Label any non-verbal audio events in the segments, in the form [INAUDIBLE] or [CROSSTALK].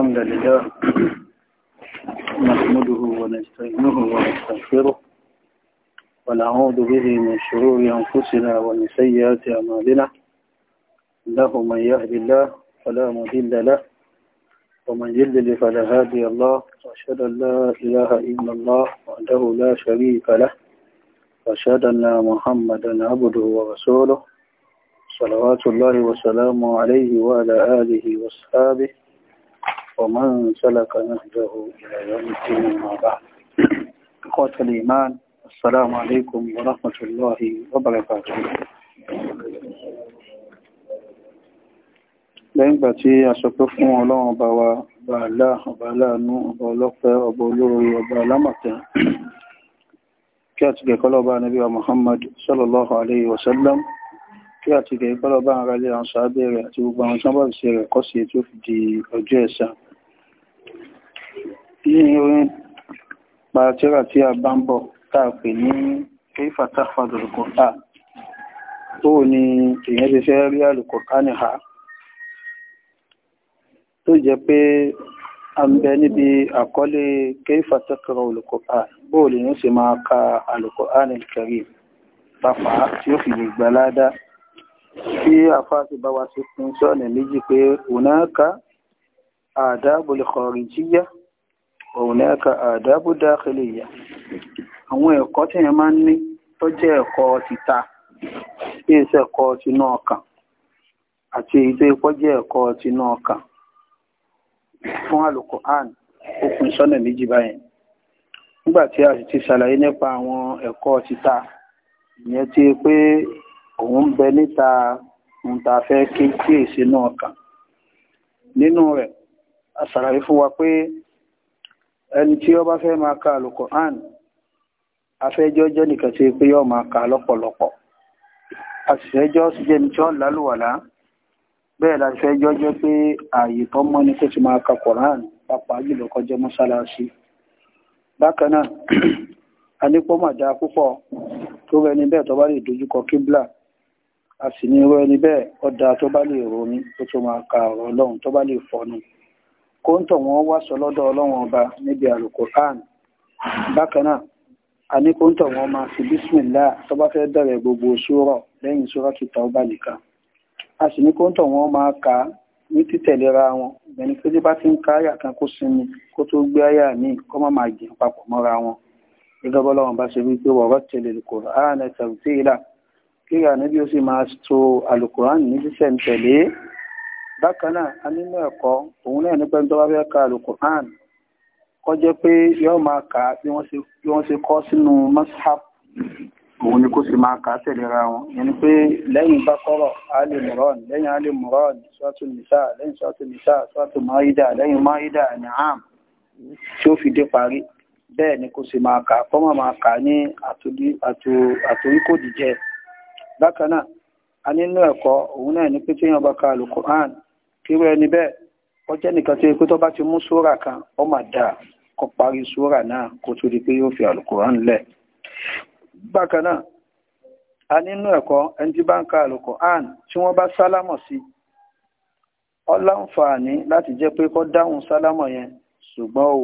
الحمد لله نحمده ونستعينه ونستغفره ونعوذ به من شرور أنفسنا ومن سيئات أعمالنا له من يهد الله فلا مضل له ومن يضلل فلا هادي الله وأشهد أن لا إله إلا الله وحده لا شريك له وأشهد أن محمدا عبده ورسوله صلوات الله وسلامه عليه وعلى آله وأصحابه ومن سلك نهجه إلى يوم الدين ما بعد إخوة الإيمان السلام عليكم ورحمة الله وبركاته lẹ́yìn ìgbà tí a sọ pé fún ọlọ́run ọba wa ọba àlá ọba aláàánú ọba ọlọ́pẹ́ ọba olóorí ọba alámọ̀tẹ́ kí a ti gẹ̀ kọ́lọ́ba níbi wa Muhammad sallallahu alayhi wa sallam kí a ti gẹ̀ kọ́lọ́ba ara lé àwọn sàábẹ̀ rẹ̀ àti gbogbo àwọn sábàbí rẹ̀ kọ́sì tí ó fi di ọjọ́ ẹ̀san ní orin pàtíra tí a bá ń bọ̀ tààpè ní kéfàtà fàdùrùkọ̀tà tó ní èyàn ti fẹ́ rí àlùkọ̀ká ní ha tó jẹ́ pé a ń bẹ níbi àkọlé kéfàtà kọrọ olùkọ̀ká bóò lè ní ó sì máa ka àlùkọ̀ká ní kẹrì pàpà tí ó fi lè gbà ládá tí àfáà ti bá wa sí fún sọ́ọ̀nì méjì pé òun náà ka àdábòlè kọ̀ọ̀rì jíyá هناك آداب داخلية àwọn ẹ̀kọ́ tí yẹn máa ń ní tó jẹ́ ẹ̀kọ́ títà bí iṣẹ́ ẹ̀kọ́ tinú ọkàn àti èyí tó ipọ́ jẹ́ ẹ̀kọ́ tinú ọkàn fún Al-Qur'an ó pín sọ́nà méjì báyẹn nígbà tí a sì ti ṣàlàyé nípa àwọn ẹ̀kọ́ títà ìyẹn ti pé òun bẹ níta ohun tá a fẹ́ kí kíyèsí náà kàn nínú rẹ̀ a ṣàlàyé fún wa pé ẹni tí ó bá fẹ́ máa ka Al-Qur'an afẹ́jọ́ jẹ́ nìkan tí pé yọ́ máa ka lọ́pọ̀lọpọ̀ àṣìṣẹ́jọ́ sì jẹ́ ní tí ó lálùwàlá bẹ́ẹ̀ láṣìṣẹ́jọ́ jẹ́ pé ààyè tó mọ́ ni kó ti máa ka Qur'an pàpà jùlọ kọjá mọ́sálásí bákan náà a ní pọ́ màdá púpọ̀ tó rẹ ni bẹ́ẹ̀ tó bá lè dojúkọ kíblà a sì ní rẹ ni bẹ́ẹ̀ ọ̀dà tó bá lè ronú tó tó máa ka ọ̀rọ̀ ọlọ́run tó bá lè fọnu kóńtọ̀ wọn wá sọ lọ́dọ̀ ọlọ́wọ́n ọba níbi àlùkùrán bákan náà a ní kóńtọ̀ wọn máa fi bísímìlá tó bá fẹ́ bẹ̀rẹ̀ gbogbo sóòrọ̀ lẹ́yìn sóòrọ̀ tó ta ọba nìkan a sì ní kóńtọ̀ wọn máa kà á ní títẹ̀lera wọn ìgbẹ́ni pé bí bá ti ń ka àyà kan kó sinmi kó tó gbé àyà míì kó má máa jìn papọ̀ mọ́ra wọn gẹ́gẹ́ bọ́lá wọn bá ṣe wí pé wọ́rọ́ tẹ̀lé Al-Qur'ana tartila tẹ̀lé bákan náà a nínú ẹ̀kọ́ òun náà nípa ẹni tó bá fẹ́ ka alukur'an kó jẹ́ pé yóò máa kà á bí wọ́n ṣe kọ́ sínú mashaf òun ni kó sì máa kà á tẹ̀léra wọn ìyẹn ni pé lẹ́yìn bákọ́rọ̀ ali muran lẹ́yìn ali muran suwatu nisa lẹ́yìn suwatu nisa suwatu maida lẹ́yìn maida ni'am tí ó fi dé parí bẹ́ẹ̀ ni kó sì máa kà á kó máa kà á ní àtòríkòdìjẹ bákan náà a nínú ẹ̀kọ́ òun náà ni pé tí bá ka alukur'an irú ẹni bẹ́ẹ̀ ó jẹ́ nìkan tí pé tó bá ti mú sóra kan ó mà dáa kó parí sóra náà kó tó di pé yóò fi alukoran lẹ̀ bákan náà a nínú ẹ̀kọ́ ẹni tí bá ń ka alukoran tí wọ́n bá sálámọ̀ sí ọ láǹfààní láti jẹ́ pé kó dáhùn sálámọ̀ yẹn ṣùgbọ́n o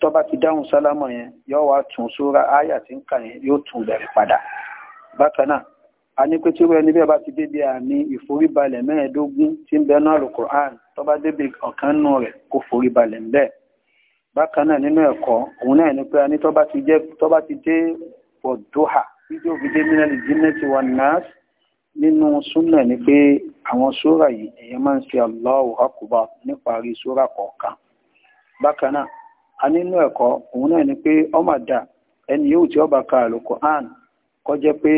tó bá ti dáhùn sálámọ̀ yẹn yóò wá tún sóra áyà tí ń kà yẹn yóò tún bẹ̀rẹ̀ padà bákan náà a ní pé tíwọ́ ẹni bẹ́ẹ̀ bá ti débi àmì ìforíbalẹ̀ mẹ́ẹ̀ẹ́dógún tí ń bẹnu alukur'an tó bá débi ọ̀kan nù rẹ̀ kó foríbalẹ̀ ńbẹ̀ bákan náà nínú ẹ̀kọ́ òun náà ní pé a ní tó bá ti dé bọ̀dọ́hà fídíò fídíò mìíràn jìnnẹ́tì wà náàsì nínú súnà ni pé àwọn sóra yìí èèyàn máa ń ṣe Allahu akbar níparí sóra kọ̀ọ̀kan bákan náà a nínú ẹ̀kọ́ òun náà ni pé ọmọ àdá ẹni yóò tí ọba ka àlùkò àn kọjá pé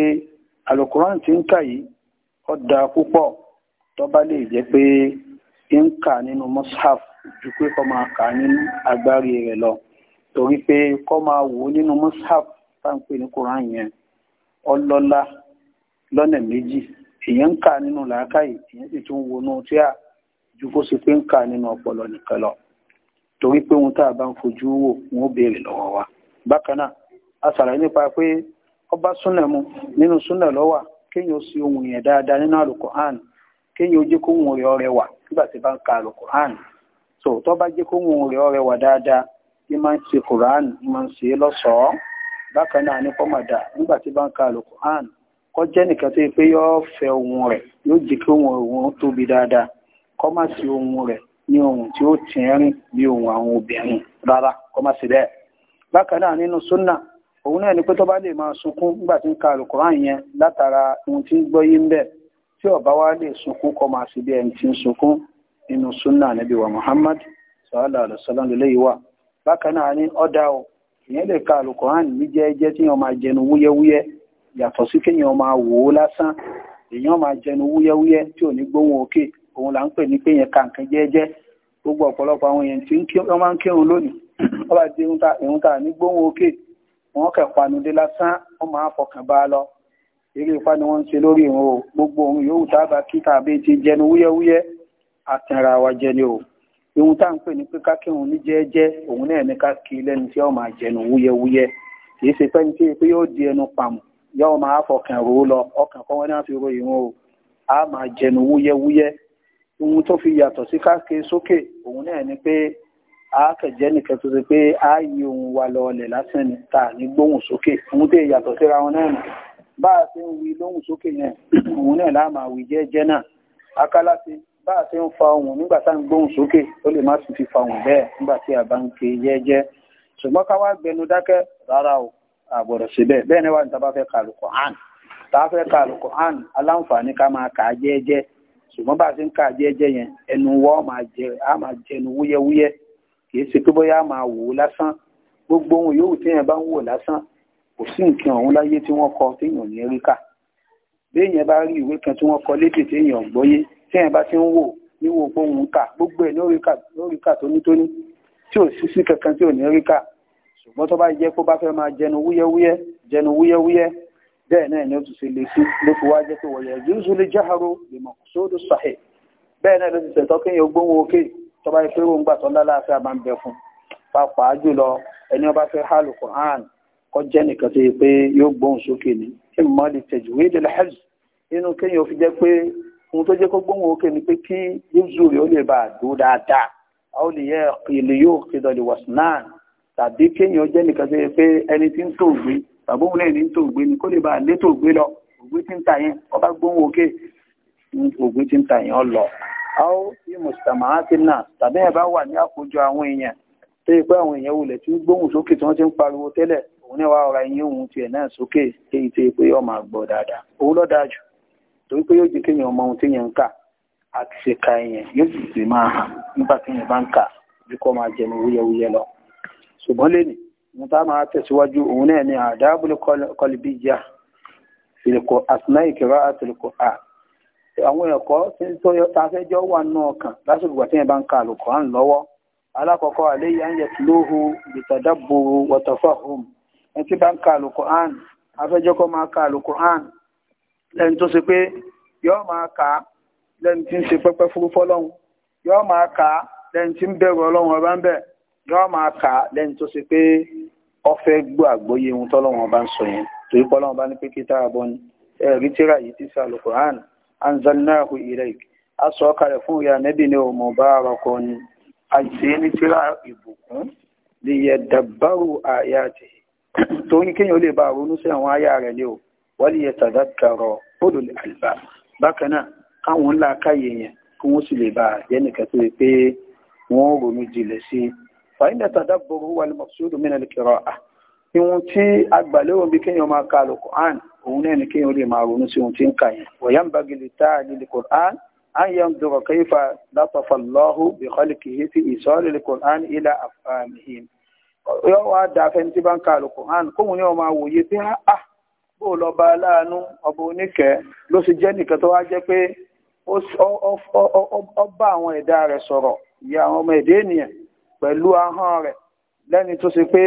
alukuran tí ń kà yìí ó da púpọ̀ tó bá lè jẹ́ pé ń kà nínú mushaf ju pé kó máa kà ní agbárí rẹ̀ lọ torí pé kó máa wò nínú mushaf tá à ń pè ní kuran yẹn ọlọ́lá lọ́nà méjì èèyàn ń kà nínú làákàyè èèyàn sì tún wọnú tí a ju kó ṣe pé ń kà nínú ọpọlọ nìkan lọ torí pé ohun tá a bá ń fojú wò wọn ó béèrè lọ́wọ́ wa bákan náà a ṣàlàyé nípa pé ọba súnà mu nínú súnà lọ́wà kéèyàn ó sì ohun yẹn dáadáa nínú alukur'an kéèyàn ó jẹ́ kó ohun rẹ̀ ọrẹ̀ wà nígbà tí bá ń ka alukur'an so tó bá jẹ́ kó ohun rẹ̀ ọrẹ̀ wà dáadáa ní máa ń ṣe kur'an ní máa ń ṣe é lọ́sọ̀ọ́ bákan náà ní kọ́mọ̀dà nígbà tí bá ń ka alukur'an kọ́ jẹ́ nìkan tó yẹ pé yóò fẹ́ ohun rẹ̀ yóò jẹ́ kí ohun òun tóbi dáadáa kọ́ má sí ohun rẹ̀ ní ohun tí ó tìrín bí ohun àwọn obìnrin rárá kọ́ má sí bẹ́ẹ̀ bákan náà nínú súnà òun náà ni pé tó bá lè máa sunkún nígbà tí ń ka alukuran yẹn látara ohun tí ń gbọ́ yín bẹ̀ tí ọba wa lè sunkún kọ́ máa sì bí ẹni tí ń sunkún nínú sunna nabi wa muhammad sallallahu alaihi wasallam lélẹ́yìí wà bákan ni ọ̀dà o ìyẹn lè ka alukuran ní jẹ́ẹ́jẹ́ tí yẹn máa jẹnu wúyẹ́wúyẹ́ yàtọ̀ sí kéèyàn máa wò ó lásán èèyàn máa jẹnu wúyẹ́wúyẹ́ tí ò ní gbóhùn òkè òun là ń pè ní pé gbogbo ọ̀pọ̀lọpọ̀ àwọn èèyàn tí wọ́n máa ń kírun lónìí wọ́n bá di wọn kẹ panudé lásán wọn máa fọkàn bá a lọ eré ipá ni wọn ń ṣe lórí ìrún o gbogbo òun yòówù tábà kíkà àbí ti jẹnu wúyẹwúyẹ àtẹnra wa jẹni o ìhun tá à ń pè ní pé ká kírun ní jẹ́ẹ́jẹ́ òun náà ní ká kí lẹ́nu tí yóò máa jẹnu wúyẹwúyẹ kìí ṣe pẹ́ni tí pé yóò di ẹnu pàmò yóò máa fọkàn rò ó lọ ọkàn kọ́ wọn náà fi ro ìrún o a máa jẹnu wúyẹwúyẹ ìhun tó fi yàtọ̀ sí ká sókè òun náà ní pé àákẹ̀jẹ́ nìkan tó ti pé a yí ohun wa lọ́ọ̀lẹ̀ lásán ni ta ní gbóhùn sókè fún tẹ́ ìyàtọ̀ síra wọn náà nù bá a ṣe ń wí lóhùn sókè yẹn [CLEARS THROAT] òun náà láà máa wí jẹ́ẹ́jẹ́ náà akálá ti bá a ṣe ń fa ohùn nígbà tá à ń gbóhùn sókè ó lè má sì fi fa ohùn bẹ́ẹ̀ nígbà tí a bá ń ké jẹ́ẹ́jẹ́ ṣùgbọ́n ká wá gbẹnu dákẹ́ rárá o àgbọ̀dọ̀ ṣe bẹ́ẹ̀ bẹ́ẹ̀ ni wà ní tá a bá fẹ́ ka al aláǹfààní ká máa kà á jẹ́ẹ́jẹ́ ṣùgbọ́n bá a ṣe ń kà á jẹ́ẹ́jẹ́ yẹn ẹnu wọ́ máa jẹ á máa jẹnu wúyẹ́wúyẹ́ kìí ṣe pé bóyá máa wò ó lásán gbogbo ohun yòówù téèyàn bá ń wò lásán kò sí nǹkan ọ̀hún láyé tí wọ́n kọ téèyàn ní rí kà béèyàn bá rí ìwé kan tí wọ́n kọ lédè téèyàn gbọ́yé téèyàn bá ti ń wò níwò ohun kà gbogbo ẹ̀ lórí kà tónítóní tí ò sí sí kankan tí ò ní rí kà ṣùgbọ́n tó bá yẹ kó bá fẹ́ máa jẹnu wúyẹ́wúyẹ́ jẹnu wúyẹ́wúyẹ́ bẹ́ẹ̀ náà ni ó tún ṣe lè sí ló fi wá jẹ́ pé wọ̀yẹ̀ jùzú lè jáharo lè mọ̀ sódò sàhẹ̀ bẹ́ẹ̀ náà ló ti tẹ̀tọ́ kéèyàn gbóhùn òkè tọ́ba ìpé òǹgbà tó lálàáfíà máa ń bẹ fún pàápàá jùlọ ẹni ọba fẹ́ hàlù Qur'an kọ́ jẹ́ nìkan tó yẹ pé yóò gbóhùn sókè ní kí mọ́ lè tẹ̀jú wí dé lẹ́hẹ́z inú kéèyàn fi jẹ́ pé ohun tó jẹ́ kó gbóhùn òkè ni pé kí yíṣu rẹ̀ ó lè bá a dúró dáadáa àwọn olè yẹ ìlú yóò kéde lè wọ̀sán náà tàbí kéèyàn jẹ́ nìkan tó yẹ pé ẹni tí ń tó gbé tàbí òun lẹ́yìn tó gbé ni kó lè bá a lé tó gbé lọ ògbé tí ń ta yẹn ọba gbóhùn òkè ògbé tí ń ta yẹn ọ lọ aó sí mùsùlùmáàtì náà tàbí ẹ̀ bá wà ní àkójọ àwọn èèyàn tó yẹ pé àwọn èèyàn wulẹ̀ tí ń gbóhùn sókè tí wọ́n ti ń pariwo tẹ́lẹ̀ òun náà wá ọ̀ra ẹyin òun tiẹ̀ náà sókè èyí tó yẹ pé yóò máa gbọ́ dáadáa òun lọ́ dáa jù torí pé yóò jẹ́ kéèyàn ọmọ ohun téèyàn ń kà ṣe ka èèyàn yóò sì sì máa hàn lọ ṣùgbọ́n lẹ́nu mo tá máa tẹ̀síwájú òun náà ni àdáàbòlù kọlibíjà àtúnáyìkẹ́rọ àwọn ẹ̀kọ́ tí ń tó ta fẹ́jọ́ wà nù ọkàn lásìkò ìgbà tí yẹn bá ń ka àlùkùránì lọ́wọ́ alákọ̀ọ́kọ́ àléyé ń yẹtìlóhu ìtàdàbòrò wọ̀tọ̀fọ̀hùn ẹni tí bá ń ka àlùkùránì afẹ́jọ́ kọ́ máa ka àlùkùránì lẹ́ni tó ṣe pé yọ́ọ́ máa kà á lẹ́ni tí ń ṣe pẹ́pẹ́ fúrú fọ́lọ́hún yọ́ọ́ máa kà á lẹ́ni tí ń bẹ̀rù ọlọ́run ọba ń bẹ̀ yọ́ọ́ máa kà á lẹ́ni tó ṣe pé ó fẹ́ gbọ́ àgbọ́yé ohun tọ́lọ́run ọba ń sọ yẹn torí pọ́lọ́run ọba ní pé kí táàbọ̀ ni ẹ̀rí tíra yìí ti ṣe àlùkùránì anzalnahu ilayk a sọ kalẹ̀ fún ìyá nẹ́bí ni ò mubarakun àìsí ní tíra ìbùkún lè yẹ dàbárò àyàtì tó ń kéèyàn lè bá ronú sí àwọn àyà rẹ̀ lé o wọ́n lè yẹ tàdákàrọ̀ ulul albab bákan náà káwọn ńlá káyé yẹn kí wọ́n sì lè bá jẹ́nìkan tó yẹ pé wọ́n ronú jinlẹ̀ sí i fàyínà tàdábòrò wà lè mọ̀sùlùmí náà lè kẹrọ à ìwọ̀n tí agbàlérò bí kéèyàn máa ka Al-Qur'an òun náà ni kí o lè máa ronú sí ohun tí ń kà yẹn wọ̀yá ń bá gidi tá a lè kòrán á yẹ ń dọ̀rọ̀ kí fa látọ̀fà lọ́hù bí kọ́lì kì í fi ìsọ́lẹ̀ lè kòrán ilà àfàmìhìn yóò wá da afẹ́ni tí bá ń ka lè kòrán kóhun yóò máa wòye pé á ah, ah, bó lọ bá aláàánú ọba oníkẹ́ ló sì jẹ́ nìkan tó wá jẹ́ pé ó bá àwọn ẹ̀dá rẹ̀ sọ̀rọ̀ ìyá àwọn ọmọ ẹ̀dá ènìyàn pẹ̀lú ahọ́n rẹ̀ lẹ́ni tó ṣe pé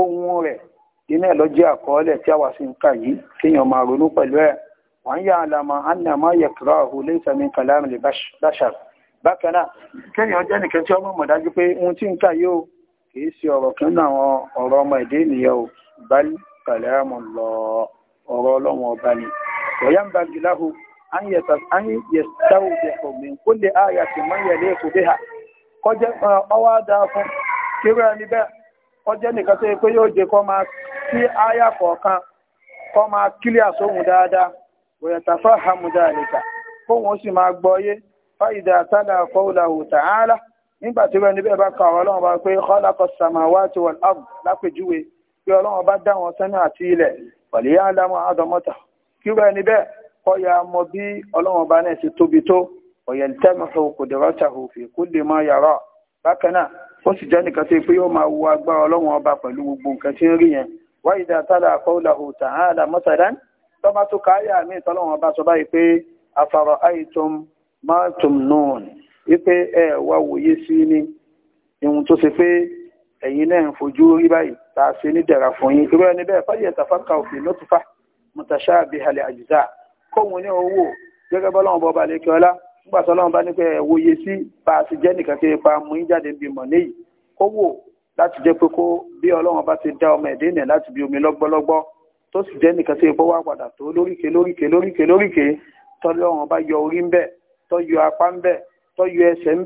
ohun rẹ̀ iná ẹ̀ jẹ́ àkọọ́lẹ̀ tí a wà sí kà yìí kéèyàn máa ronú pẹ̀lú ẹ̀ wọ́n yà anna ma yakrahu laysa min kalam li bashar bákan náà kéèyàn jẹ́ nìkan tí ọmọ pé ohun tí kìí ṣe ọ̀rọ̀ kan náà ọ̀rọ̀ ọmọ ènìyàn ò ọ̀rọ̀ ọba ni wọ́yá ń bá gíláhù bẹ́ẹ̀ nìkan tó yẹ pé yóò máa sí àyà kọ̀ọ̀kan kọ́ máa kílíà sóhun dáadáa wẹ̀yẹ̀tàfà hàmùdá àlèkà kóhun sì máa gbọ́yé fáìdà tálà qawlahu ta'ala nígbà tí wọ́n níbẹ̀ bá ka àwọn ọlọ́run bá pé khalaqa samawati wal ard lápèjúwe pé ọlọ́run bá dá wọn sẹ́nu àti ilẹ̀ pẹ̀lú yá lámọ́ àdọ́mọ́ta kí wọ́n níbẹ̀ kọ́ ya mọ bí ọlọ́run bá náà ṣe tóbi tó ọ̀yẹ̀ntẹ́mọ̀fẹ́ qudratahu fi kulli ma yara bákan náà ó sì jẹ́ nìkan tí pé yóò máa wo agbára ọlọ́run ọba pẹ̀lú gbogbo nǹkan tí ń rí yẹn wá ìdá tálà qawlahu ta'ala masalan tọ́ba tó káyà mí tọ́lọ́wọ́n bá sọ báyìí pé afara aitum ma tumnun wípé ẹ wá wòye sí ni ìhun tó ṣe pé ẹ̀yin náà ń fojú rí báyìí tá a ṣe ní dẹ̀ra fún yín irú ẹni bẹ́ẹ̀ fáyẹ̀ tàfákà òfin lọ́tùfà mutashabiha li ajza kóhun ní owó gẹ́gẹ́ bọ́lọ́wọ́n bọ́ láti jẹ́ pé kó bí ọlọ́run bá ti dá ọmọ ẹ̀dẹ́ nẹ̀ láti bí omi lọ́gbọ́lọ́gbọ́ tó sì jẹ́ nìkan tí epo wá padà tó lóríkè lóríkè lóríkè lóríkè tọ́lọ́run bá yọ orí ń tó yọ apá ń tó yọ ẹsẹ̀ ń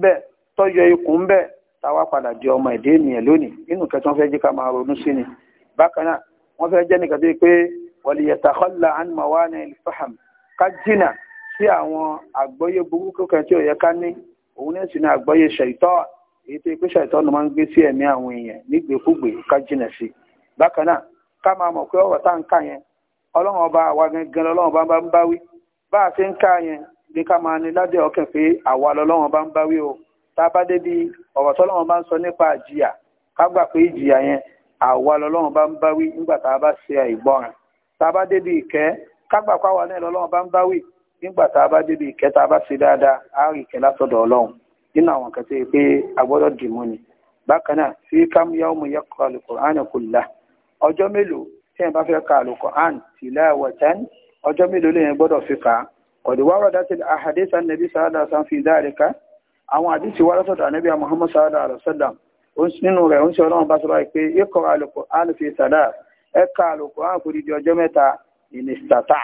tó yọ ikùn ń bẹ̀ táwa padà di ọmọ ẹ̀dẹ́ ènìyàn lónìí nínú nǹkan fẹ́ jẹ́ ká máa ronú sí ni bákan náà wọ́n fẹ́ jẹ́ nìkan tí pé wàlìyàtàkọ́lá ànmọ́wánà ìfàhàm ká jìnà sí àwọn àgbọ́yé burúkú kan tí ò yẹ ká ní èyí tó pé ṣàìtọ́nù máa ń gbé sí ẹ̀mí àwọn èèyàn nígbèkúgbè ká jìnà sí bákan náà ká máa mọ̀ pé ọ̀rọ̀ tá à ń kà yẹn ọlọ́run ọba àwa gangan lọ́lọ́run ọba bá ń bá wí bá a ṣe ń kà yẹn ní ká máa ní ládé ọkàn pé àwa lọ́lọ́run ọba ń bá wí o tá a bá débi ọ̀rọ̀ tọ́lọ́run bá ń sọ nípa ìjìyà ká gbà pé ìjìyà yẹn àwa lọ́lọ́run bá ń bá wí nígbà tá a bá ṣe àìgbọràn tá a bá débi ìkẹ́ ká gbà pé àwa náà lọ́lọ́run bá ń bá wí nígbà tá a bá débi ìkẹ́ tá a bá ṣe dáadáa á rí ìkẹ́ látọ̀dọ̀ nínú àwọn kan tó yẹ pé a gbọ́dọ̀ dì mú ni bákan náà sí kámúyá ọmọ yẹ kọ alukur'an kò la ọjọ́ mélòó tí ẹ bá fẹ́ ka alukur'an tilawatan ọjọ́ mélòó lèyìn gbọ́dọ̀ fi kà á kọ̀dí wàá datil ahadith nàbí sàádà sàn fi dhalika àwọn àdìsí wàá rọ́sọ̀dọ̀ ànábì muhammad sàádà àlọ́sọ̀dàm nínú rẹ̀ ń ṣe ọlọ́run bá sọ́ra pé ikọ̀ alukur'an fi sàdá ẹ ka alukur'an kò dìde ọjọ́ mẹ́ta ìnìsítàtà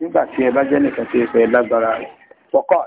nígbà tí ẹ bá jẹ́ nìkan tí ẹ fẹ́ lágbára rẹ̀ fọ́kọ́t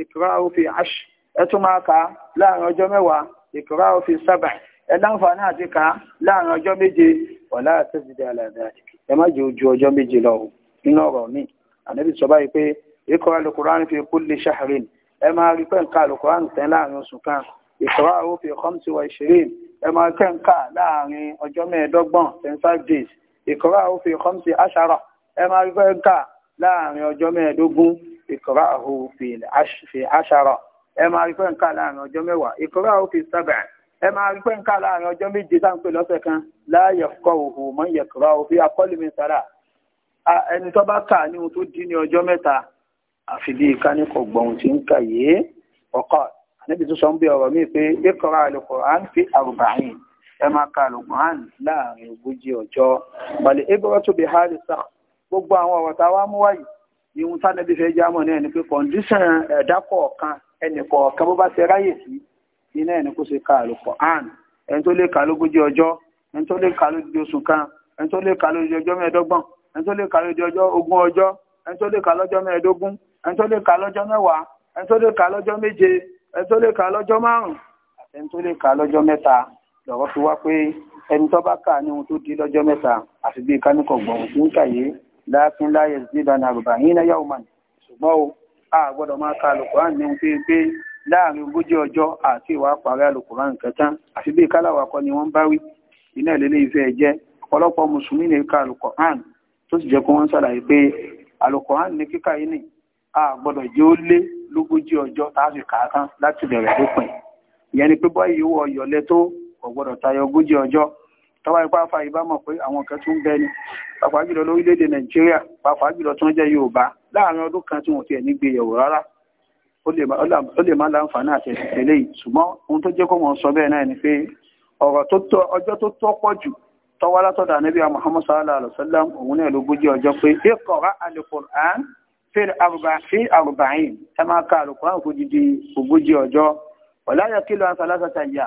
ìkúrá òfin ash ẹ tún máa kà á láàrin ọjọ́ mẹ́wàá ìkúrá òfin sábà ẹ láǹfààní àti kà á láàrin ọjọ́ méje wọ̀lá àtẹ́sídẹ̀ àlàdà ẹ má jẹ́ ojú ọjọ́ méje lọ nínú ọ̀rọ̀ mi ànábì sọ báyìí pé ìkúrá lukùránì fi kulli shahrin ẹ máa rí pẹ́ nǹka lukùránì tẹ́ láàrin oṣù kan ìkúrá òfin khamsi wa ishirin ẹ máa kẹ́ nǹka láàrin ọjọ́ mẹ́ẹ̀ẹ́dọ́gbọ̀n ten five days ìkúrá òfin khamsi ashara ẹ máa rí pẹ́ nǹka láàrin ọjọ́ mẹ́ẹ̀ẹ́dógún ìkọ́rá àhó fi àṣàrọ̀ ẹ máa rí pé nǹkan láàrin ọjọ́ mẹ́wàá ìkọ́rá àhó fi sábà ẹ máa rí pé nǹkan láàrin ọjọ́ méje sáńpé lọ́sẹ̀ kan láàyè kọ́ òhò mọ́ ìyẹ̀kọ́rá òfi akọ́lùmí sára ẹni tó bá kà ní ohun tó dín ní ọjọ́ mẹ́ta àfi bí ká ní kò gbọ́n tí ń kà yé ọkọ̀ níbi tó sọ ń bí ọ̀rọ̀ míì pé ìkọ́ra àlùkùránì fi àrùbáyìn ẹ máa ka àlùkùránì láàrin ogójì ọjọ́ pàlẹ́ ìbọ̀rọ̀ tóbi hálì sáà gbogbo àwọn ọ̀rọ̀ tá a wá mú wáyìí ìhun tánàbí fẹ́ jámọ̀ náà ni pé kọ̀ǹdíṣàn ẹ̀dá kọ̀ọ̀kan ẹnì kọ̀ọ̀kan bó bá ṣe ráyè sí iná ẹni kó ṣe ka àlùkò àn ẹni tó lè kà lógójì ọjọ́ ẹni tó lè kà lójì oṣù kan ẹni tó lè kà lójì ọjọ́ mẹ́ẹ̀ẹ́dọ́gbọ̀n ẹni tó lè kà lójì ọjọ́ ogún ọjọ́ ẹni tó lè kà lọ́jọ́ mẹ́ẹ̀ẹ́dógún ẹni tó lè kà lọ́jọ́ mẹ́wàá ẹni tó lè kà lọ́jọ́ méje ẹni tó lè kà lọ́jọ́ márùn àti ẹni tó lè kà lọ́jọ́ mẹ́ta lọ́wọ́ fi wá pé ẹni tó bá kà ní ohun tó di lọ́jọ́ mẹ́ta àfi bíi káníkọ̀ gbọ̀n òkú ń kàyé láàfin láyé zidà ní àrùbáyín náà yàwó màn ṣùgbọ́n o a gbọ́dọ̀ máa ka alukuran ní pé pé láàrin ogójì ọjọ́ àti ìwà parí alukuran kẹtàn àfi bí kálàwà kọ́ ni wọ́n bá wí iná ìlélẹ́ ìfẹ́ jẹ́ ọ̀pọ̀lọpọ̀ mùsùlùmí ní ka alukuran tó sì jẹ́ pé wọ́n ṣàlàyé pé alukuran ní kíkà yìí ni a gbọ́dọ̀ jẹ́ ó lé lógójì ọjọ́ táàfin kàákan láti bẹ̀rẹ̀ lópin ìyẹn ni pé bọ́ ìyówó ọyọ̀lẹ́ tó kò gbọ́dọ̀ tayọ tọ́wọ́ ipá fa ìbámọ̀ pé àwọn kan tún bẹ ni pàápàá jùlọ lórílẹ̀‐èdè nàìjíríà pàápàá jùlọ tí wọ́n jẹ́ yorùbá láàrin ọdún kan tí wọ́n tiẹ̀ nígbéyàwó rárá ó lè má láǹfààní àti ìtẹ̀lé yìí ṣùgbọ́n ohun tó jẹ́ kó wọ́n sọ bẹ́ẹ̀ náà ni pé ọ̀rọ̀ tó tọ́ ọjọ́ tó tọ́ pọ̀ jù tọ́wọ́ látọ̀dọ̀ ànábì muhammad sallallahu alayhi wa sallam òun náà lógójì ọjọ́ pé iqra al-Qur'an fi arba'in ẹ máa ka al-Qur'an fún odidi ogójì ọjọ́ ọ̀láyà kìlọ̀ àṣàlásàtà yà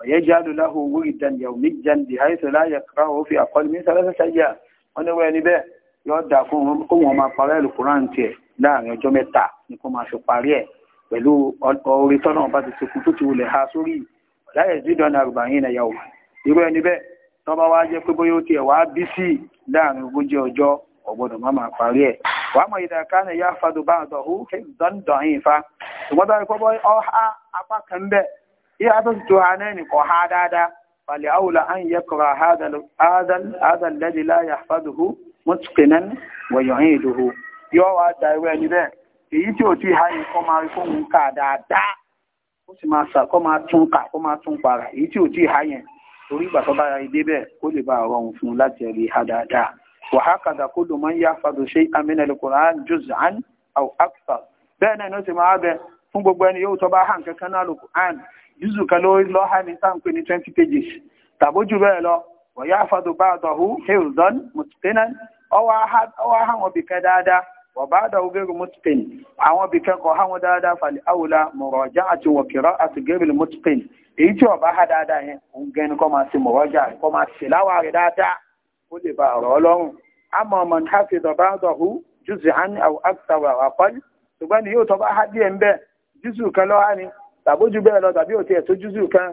ويجعل له وردا يوميا بحيث لا يقرأه في أقل من ثلاثة أيام wọ́n ní wẹ́ẹ́ níbẹ̀ yóò dà fún wọn kó wọn máa parẹ́ alukuran tiẹ̀ láàrin ọjọ́ mẹ́ta ni kó máa fi parí ẹ̀ pẹ̀lú orí tọ́nà bá ti sekun tó ti wulẹ̀ ha sórí láyé zidane arúgbáyìn náà yàwó irú ẹni bẹ́ẹ̀ tọ́ba wa jẹ́ pé bóyá ó tiẹ̀ wá bí sí i láàrin ogójì ọjọ́ ọ̀gbọ́dọ̀ má máa parí ẹ̀ wàá mọ̀ ìdá kan náà yá fadùbà àtọ̀hún dandan yìí fa ṣùgbọ́n tó ń apá kan bẹ́ẹ̀ yàtọ̀ sí Johannani kò ha dáadáa falẹ̀ àwòlà an yaqra hadal lẹ́dí láyà fàdùhù mọ́tùkẹ́nán wọ̀nyọ̀hìn ìdòhù yóò wá da irú ẹni bẹ́ẹ̀ èyí tí ò tí ha yìí kọ́ máa rí fóun kà dáadáa ó sì máa sà kọ́ máa tún kà kọ́ máa tún para èyí tí ò tí ha yẹn torí ìgbà tó bá ra ilé bẹ́ẹ̀ ó lè bá rọrùn fún un láti rí ha dáadáa wàhákàdà kó ló máa ń yá fàdù ṣe amínàlẹ̀ kòrán jùzán àwọn akpà bẹ́ẹ̀ náà ni ó ti máa bẹ fún gbogbo ẹni yóò tó bá hàn kankan náà lò jùzù kan ló lọ́ha ní sáǹpé ní twenty pages tàbójú bẹ́ẹ̀ lọ wọ̀yá àfàdù bá àtọ̀hú hilton mutstenan ọwọ́ àwọn bìkan dáadáa wọ̀ bá àdọ̀hú gẹ́rù mutsten àwọn bìkan kọ̀ háwọn dáadáa falẹ̀ àwòlá mọ̀rọ̀já àti wọ̀kìrọ̀ àti gẹ́rù mutsten èyí tí ọba ha dáadáa yẹn òun gẹ́ni kọ́ máa ṣe mọ̀rọ̀já kọ́ máa ṣe láwà rẹ̀ dáadáa ó lè ba ọ̀rọ̀ ọlọ́run àmọ́ man hafiza bá àdọ̀hú jùzù hàn àwọn àkùtàwà àkọ́lù ṣùgbọ́n ni yóò tọ́ bá há díẹ̀ ń bẹ́ẹ̀ jùzù kan lọ́wọ́ ni tàbójú bẹ́ẹ̀ lọ tàbí òtí ẹ̀tọ́ júzù kan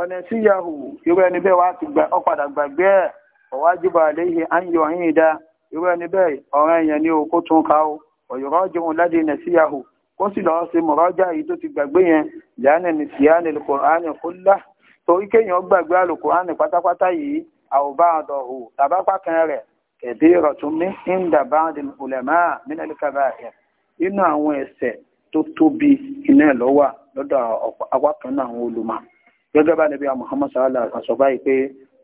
ọ̀nà sí yahoo irú ẹni bẹ́ẹ̀ wá ti gba ọ̀padà gbàgbé ẹ̀ ọ̀wájúbà àléhìn àyìn ọ̀hìn ìdá irú ẹni bẹ́ẹ̀ ọ̀ràn èèyàn ní okó tún ká o ọ̀yọ̀rọ̀ jẹun láti ẹ̀nà sí yahoo kó sì lọ́ọ́ ṣe mọ̀rọ́jà yìí tó ti gbàgbé yẹn yánà ní síyánà lùkùránì kúlá torí kéèyàn gbàgbé àlùkùránì pátápátá yìí àwòbá àdọ̀hù tàbápá kan rẹ̀ kẹ̀bí rọ̀tún mí ń dàbá ulẹ̀má lọ́dọ̀ apá kan náà àwọn olùmọ̀ gẹ́gẹ́ bá níbi Muhammad sallallahu alaihi wasallam sọ báyìí pé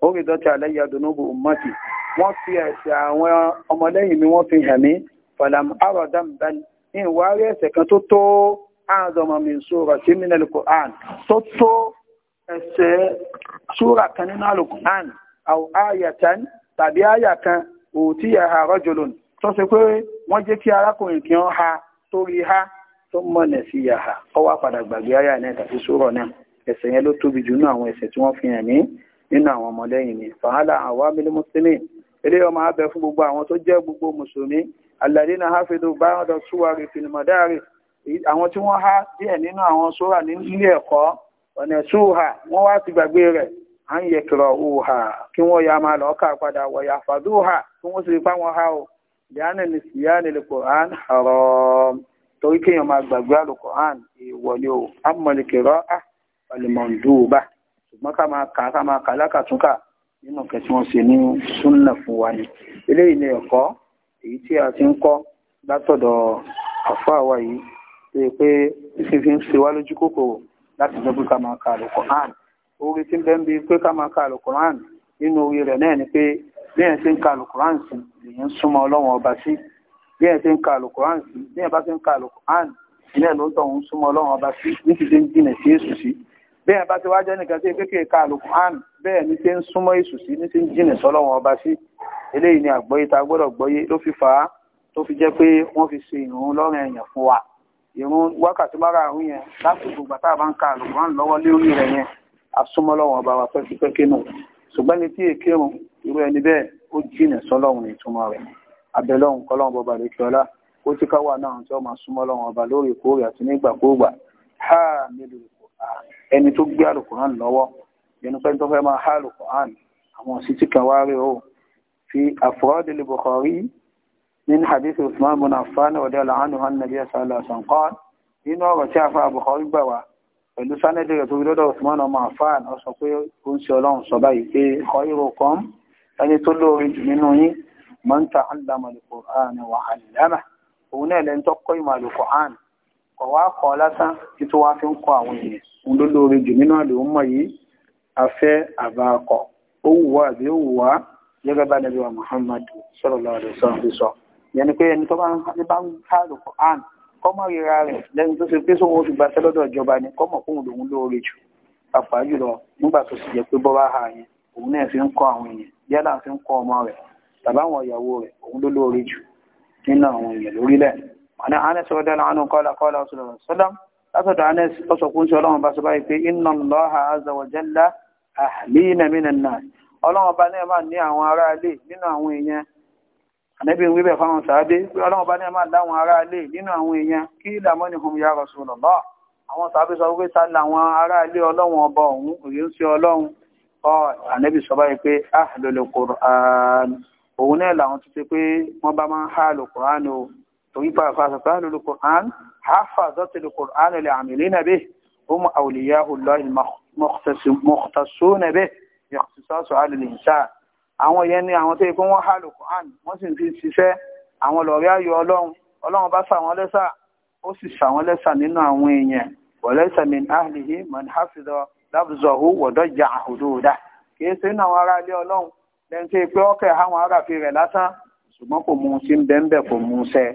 ó rí dọ́tí alayya dunubu ummati wọ́n fi ẹ̀ṣẹ̀ àwọn ọmọlẹ́yìn mi wọ́n fi hàn mí falam ara damban ní ìwárí ẹ̀ṣẹ̀ kan tó tó àádọ́mọ mi sóra sí min al-Qur'an tó tó ẹ̀ṣẹ̀ súra kan nínú al-Qur'an aw tàbí àyà kan òtí ẹ̀hà rajulun tó ṣe pé wọ́n jẹ́ kí arákùnrin kí wọ́n ha torí ha tó mọ̀nà sí yàhà ọ wá padà gbàgbé àyà náà tàbí sùúrọ̀ náà ẹ̀ṣẹ̀ yẹn ló tóbi jù nínú àwọn ẹ̀ṣẹ̀ tí wọ́n fi hàn ní nínú àwọn ọmọlẹ́yìn ni fàhálà àwa mílí mùsùlùmí eléyìí ọmọ abẹ fún gbogbo àwọn tó jẹ́ gbogbo mùsùlùmí alladina hafidu báyọ̀dọ̀ súwárì fìlìmọ̀dáàrì àwọn tí wọ́n há díẹ̀ nínú àwọn sóra nílé ẹ̀kọ́ ọ̀nà ṣúhà wọ́n wá ti gbàgbé rẹ̀ à ń yẹ kìlọ̀ òhà kí wọ́n ya máa lọ́ọ́ kà padà wọ̀yà fàdúhà kí wọ́n sì rí fáwọn há o ìyá nílẹ̀ ìyá nílẹ̀ kò hàn haram torí kéèyàn máa gbàgbé alukoran ìwọlé o amọ̀lẹ̀kẹ̀rọ à ọ̀lẹ̀mọ̀ndùbà ṣùgbọ́n ká máa kà ká máa kà lákàtúnkà nínú nǹkan tí wọ́n ṣe ní súnà fún wa ni eléyìí ni ẹ̀kọ́ èyí tí a ti ń kọ́ látọ̀dọ̀ àfáà wa yìí tó yẹ pé ṣe fi ń ṣe wá lójú kòkòrò láti gbọ́ pé ká máa ka alukoran orí tí ń bẹ́ ń bi pé ká máa ka alukoran nínú orí rẹ̀ náà ni pé bí ẹ̀ ṣe ń ka alukoran sí lèyìn súnmọ́ ọlọ́run ọba sí bí ẹ ṣe ń ka alukuran sí bí ẹ bá ṣe ń ka alukuran ilé ló ń tọ̀ ń súnmọ́ ọlọ́run ọba sí ní ti ṣe ń jìnà sí èṣù sí bí ẹ bá ti wá jẹ́ nìkan sí kékeré ka alukuran bẹ́ẹ̀ ni ṣe ń súnmọ́ èṣù sí ní ti ń jìnà sọ́lọ́run ọba sí eléyìí ni àgbọ́yé ta gbọ́dọ̀ gbọ́yé ló fi fà á tó fi jẹ́ pé wọ́n fi ṣe ìrun lọ́rùn ẹ̀yàn fún wa ìrun wákàtí márààrún yẹn lásìkò gbàtà bá ń ka alukuran lọ́wọ́ lórí rẹ̀ yẹn asúnmọ́lọ́wọ́n ọba wa pẹ́kípẹ́kí abẹ́lọ́hùn kọ́lọ́hùn bọ́ba àdékíọ́lá ó ti ká wà náà tí wọ́n máa súnmọ́ lọ́wọ́n ọba lóòrèkóòrè àti nígbàkúùgbà ha mélòó ẹni tó gbé àlùkùrán lọ́wọ́ ẹni pẹ́ tó fẹ́ máa há àlùkùrán àwọn òsìtì kan wá rí o fi àfọ́ọ́dẹ́lẹ̀ Bukhari من حديث عثمان بن عفان رضي الله عنه Nabi النبي صلى الله عليه وسلم قال إن رجع فأبخاري بوا pẹ̀lú sánẹ́dì rẹ̀ tó rí lọ́dọ̀ Usman ọmọ àfáàn ó sọ pé ó ń ṣe ọlọ́run sọ báyìí pé ẹni tó lóore jù nínú yín man ta'allama al-Qur'ana wa 'allamahu òun náà lẹ́ni tó kọ́ ìmọ̀ al-Qur'an kọ̀ fi ń kọ́ àwọn èèyàn òun ló lóore jù nínú wa Muhammad sallallahu yẹni pé ẹni tó bá ń bá ń ká tó ṣe pé sóhun lọ́dọ̀ ìjọba ni kọ́ fóun lòun lóore jù jùlọ nígbà tàbí àwọn ìyàwó rẹ̀ òun ló lóore jù nínú àwọn èèyàn lórílẹ̀ àná Anas ọ̀dà làánú kọ́lá kọ́lá ọ̀sọ̀rọ̀ sọ́dám látọ̀dọ̀ Anas ọ̀sọ̀kún sí ọlọ́run bá sọ báyìí pé inna Allaha azza wa jalla ahlina minan nas ọlọ́run bá ní ẹ̀ máa ní àwọn ará ilé nínú àwọn èèyàn ànábì ń wíbẹ̀ fáwọn sàádé pé ọlọ́run bá ní ẹ̀ máa láwọn ará ilé nínú àwọn èèyàn sọ báyìí pé ahlul Qur'an òun náà làwọn tó ṣe pé wọ́n bá máa ń há alukur'an o torí pa àfàṣàtà alukur'an hafa zọ́tì alukur'an lè àmìlí nàbí هم أولياء الله المختصون به اختصاص على الإنسان àwọn yẹn ni àwọn tó yẹ kó wọ́n há Al-Qur'an wọ́n sì fi ṣiṣẹ́ àwọn lọ́ọ̀rẹ́ ayọ̀ ọlọ́run ọlọ́run bá ṣà wọ́n lẹ́ṣà ó sì ṣà wọ́n lẹ́ṣà nínú àwọn èèyàn walaysa min lẹ́ńtẹ́ pé ọkẹ́ àwọn aráàfin rẹ̀ lásán ṣùgbọ́n kò mú un sí bẹ́ńbẹ́ kò mú un sẹ́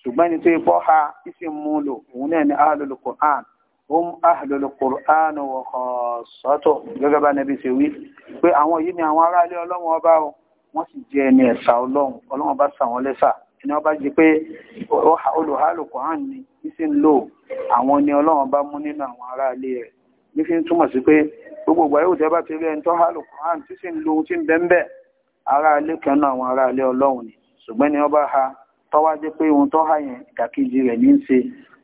ṣùgbọ́n ẹni tó kọ́ ha ìsì mú un lò òun náà ni ahlul Qur'an hum ahlul Qur'an wa khassatuh gẹ́gẹ́ bá nẹbi ṣe wí pé àwọn yìí ni àwọn aráalé ọlọ́run ọba o wọ́n sì jẹ́ ẹni ẹ̀sà ọlọ́run ọlọ́run ọba sà wọ́n lẹ́sà ẹni ọba jí pé olùhálù Qur'an ni ìsì ń lò àwọn ni ọlọ́run ọba mú nínú àwọn aráalé rẹ̀ nífi túmọ̀ sí pé gbogbo ìgbà yóò tẹ́ bá ti rí ẹni tó hálù Qur'an tí sì ń lo ohun tí ń bẹ́ńbẹ́ Ara ilé kan náà àwọn ará ilé ọlọ́run ni ṣùgbọ́n ni wọ́n bá ha tọ́wá jẹ́ pé ohun tọ́ha yẹn ìdàkejì rẹ̀ ní í ṣe